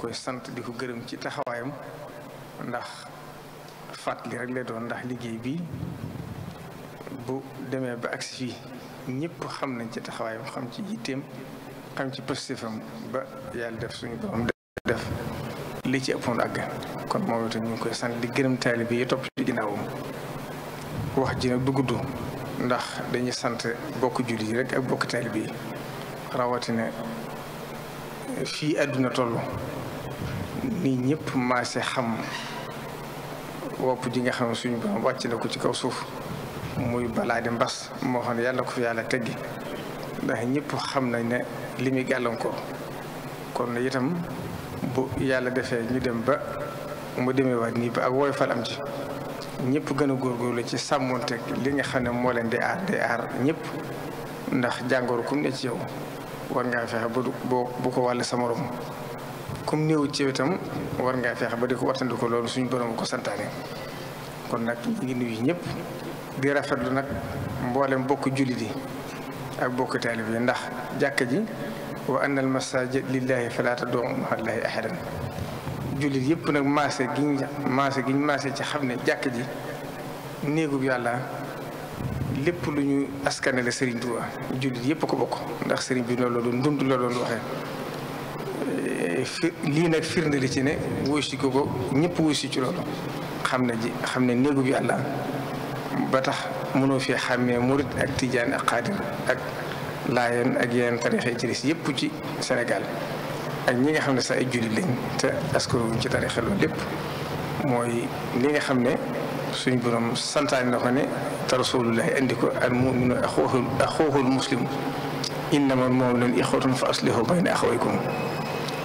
koy sant di ko gërëm ci taxawaayam ndax fàttali rek lay doon ndax liggéey bi bu demee ba agsi fii ñëpp xam nañ ci taxawaayam xam ci yitteem xam ci positifam ba yàlla def suñu borom def li ci ëppoon àgg kon ñu ngi koy sant di gërëm taalibe topp ci ginnaawam wax ji nag du gudd ndax dañuy sant bokk jullit yi ak bokk taalibe yi rawatina fii àdduna toll ni ñëpp maase xam wopp ji nga xam ne suñu borom wàcc na ko ci kaw suuf muy balaa di mbas moo xam ne yàlla ko fi yàlla teggi ndax ñëpp xam nañ ne li muy gàllankoor kon itam bu yàlla defee ñu dem ba mu demee waat nii ba ak woy fal am ci ñëpp gën a ci sàmmonte li nga xam ne moo leen di aar di aar ñëpp ndax jàngoro kum ne ci yow war ngaa fexe bu bu ko wàll sa morom comme néew ci itam war ngaa feex ba di ko wartandi loolu suñu borom ko santaane kon nag ñu ngi nuyu ñëpp di rafetlu nag mboolem bokk jullit yi ak bokk taalib yi ndax jàkka ji wa anna al masajid lillahi fala tad'u ma'allahi yëpp nag maase giñ maase giñ maase ci xam ne jàkk ji néegub yàlla lépp lu ñu askanale Serigne Touba jullit yëpp ko bokk ndax Serigne bi loolu ndund la doon waxee fi lii nag firnde li ci ne wuusi ko ko ñëpp wuusi ci loolu xam ne ji xam ne néegu bi yàlla ba tax mënoo fi xàmmee murit ak tijaan ak xaadir ak laayeen ak yeneen tarixe ci des ci Sénégal ak ñi nga xam ne sax ay jullit lañ te askanu ci tarixe loolu lépp mooy li nga xam ne suñ borom santaan na ko ne te rasulullahi indi ko al muminu axooxul muslim innama moom leen ixwatun fa aslihu bayna axawaykum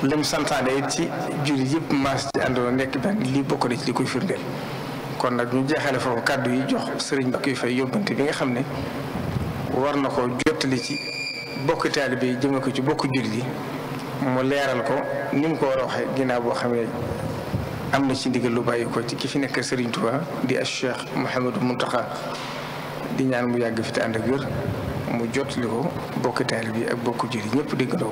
lim santaane it ci jullit yëpp maas ci àndandoo nekk benn lii bokk na ci li koy firndeel kon nag ñu jeexale foofu kàddu yi jox sëriñ ba koy fay yóbbante bi nga xam ne war na ko jottali ci bokk taalibe yi ko ci bokk jullit yi mu leeral ko ni mu ko war a waxee ginnaaw boo xamee am na ci ndigal lu bàyyi ko ci ki fi nekk sëriñ Tuubaa di ak Cheikh Mouhamadou Mountakha di ñaan mu yàgg fi te ànd ak wér mu jottali ko bokk taalibe ak bokk jullit ñëpp dégg ko.